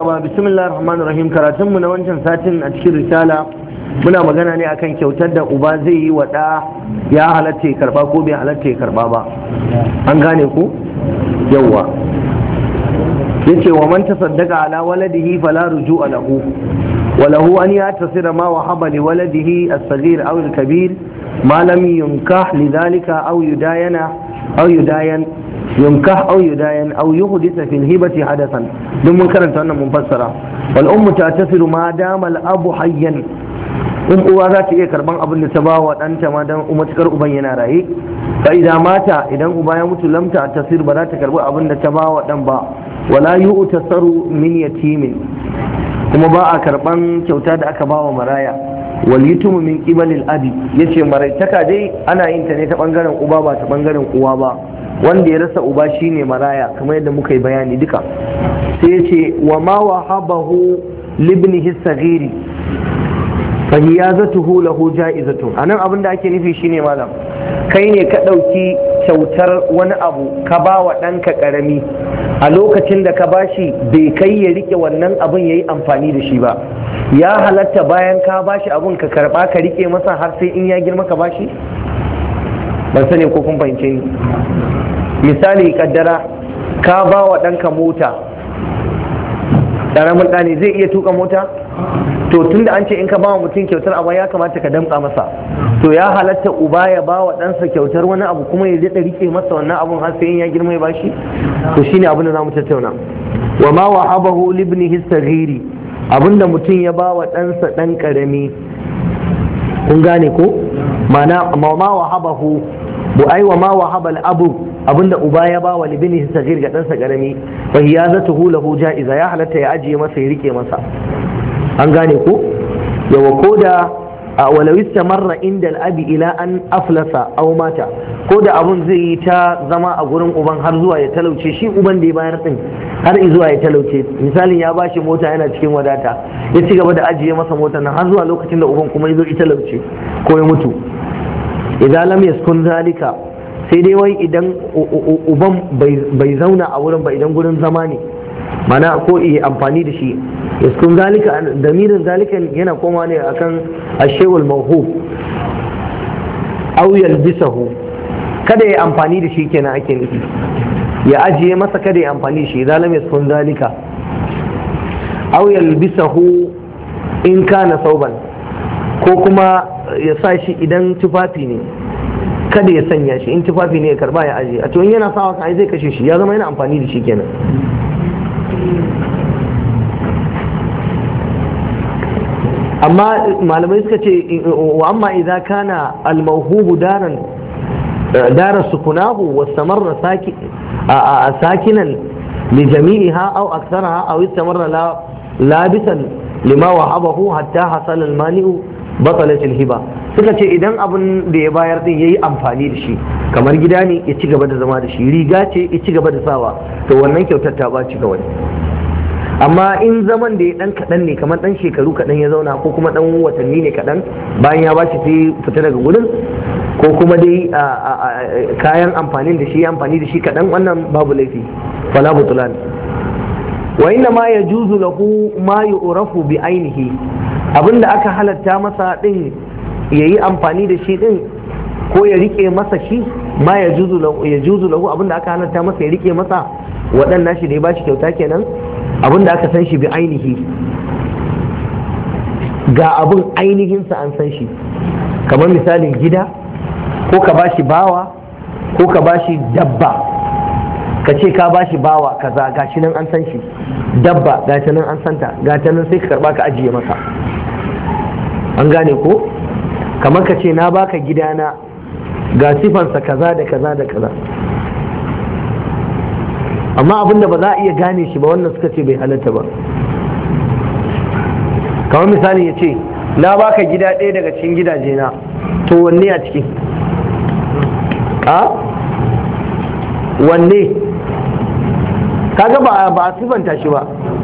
ba bismillahir rahmanir rahim karatun mu na wancan satin a cikin risala muna magana ne akan kyautar da uba zai yi wa ɗa ya halatta ya karba ko bai halatta ya karba ba an gane ku yawwa ce wa man tasaddaqa ala waladihi fala ruju'a lahu wa lahu an yatasira ma wahaba li waladihi as-saghir aw al-kabir ma lam yunkah lidhalika aw yudayana aw yudayan yunkah aw yudayan aw yuhdisa fil hibati hadasan duk mun karanta wannan mun fassara wal ummu tatasiru ma dama al abu hayyan in um uwa za ta iya karban abin da ta ba wa ɗanta ma dan um matukar uban yana raye fa idan mata idan uba ya mutu lamta tasir ba za ta karbi abin da ta ba wa ɗan ba wala yu'ta min yatimin kuma ba a karban kyauta da aka ba wa maraya wal yutumu min qibalil abi yace maraitaka dai ana yin ta ne ta bangaren uba ba ta bangaren uwa ba wanda ya rasa uba shine maraya kamar yadda muka yi bayani duka sai ce wa ma wa wahabahu libnihi saghiri fahiyazatuhu lahu a anan abin da ake nufi shine malam kai ne ka ɗauki kyautar wani abu ka ba wa ɗanka ƙarami a lokacin da ka bashi bai kai ya riƙe wannan abin ya yi amfani da shi ba ya halatta bayan ka bashi abin ka karɓa ka riƙe masa har sai in ya girma ka bashi shi ban sani ko kun fahimce ni misali kaddara ka ba wa ɗanka mota ƙaramin ɗa zai iya tuka mota to tunda an ce in ka ba wa mutum kyautar abu ya kamata ka damka masa to ya halatta uba ya ba wa ɗansa kyautar wani abu kuma ya daɗa rike masa wannan abun har sai ya girma ya bashi to shine abin da mu tattauna wa ma wa habahu libnihi saghiri abinda mutum ya ba wa ɗansa ɗan ƙarami kun gane ko mana ma wahabahu bu ai wa ma abu abinda uba ya ba wa libini sagir ga ɗansa ƙarami fa zatuhu lahu ja'iza ya halatta ya ajiye masa ya rike masa an gane ko yawa koda da walau istamarra inda al'abi ila an aflasa aw mata ko da abun zai yi ta zama a gurin uban har zuwa ya talauce shi uban da ya bayar din har zuwa ya talauce misalin ya bashi mota yana cikin wadata ya cigaba da ajiye masa motar nan har zuwa lokacin da uban kuma ya zo ya talauce ko ya mutu idan lam yaskun zalika sai dai wai idan uban bai zauna a wurin ba idan gurin zama ne mana ko iya amfani da shi yaskun zalika damirin zalika yana koma ne akan ashewul mawhub aw yalbisahu kada ya amfani da shi kenan ake nufi ya ajiye masa kada ya amfani da shi idan lam yaskun zalika aw yalbisahu in kana sauban ko kuma ya sa shi idan tufafi ne kada ya sanya shi in tufafi ne ya karba ya aje a to yana sawa kan zai kashe shi ya zama yana amfani da shi kenan amma malamai suka ce wa amma idan kana al-mawhubu daran dara sukunahu wa samarra a sakinan li jami'iha aw aktharaha aw istamarra labisan lima wahabahu hatta hasala al-mani'u batsalacin hiba suka ce idan abin da ya bayar din ya yi amfani da shi kamar gida ne ya ci gaba da zama da shi riga ce ya ci gaba da sawa to wannan kyautar ta ba ci ga wani amma in zaman da ya dan kaɗan ne kamar dan shekaru kaɗan ya zauna ko kuma dan watanni ne kaɗan bayan ya bashi sai fita daga gurin ko kuma dai kayan amfanin da shi ya amfani da shi kadan wannan babu laifi fala butulan wa inna ma yajuzu lahu ma yu'rafu bi ainihi abin da aka halatta masa din ya yi amfani da shi din ko ya rike masa shi ma ya juzu lahu abin da aka halatta masa ya rike masa waɗannan shi da ya bashi kyauta kenan abin da aka san shi bi ainihi ga abin ainihinsa an san shi kamar misalin gida ko ka bashi bawa ko ka bashi dabba ka ce ka bashi bawa kaza gashi nan an san shi dabba gashi nan an santa gashi nan sai ka karba ka ajiye masa an gane ko kamar ka ce na baka gidana ga sifansa kaza da kaza da kaza amma abinda ba za a iya gane shi ba wannan suka ce bai halatta ba kamar misali ya ce na baka gida ɗaya daga cikin gidaje na to wanne a ciki a wanne kaga ba a sifanta shi ba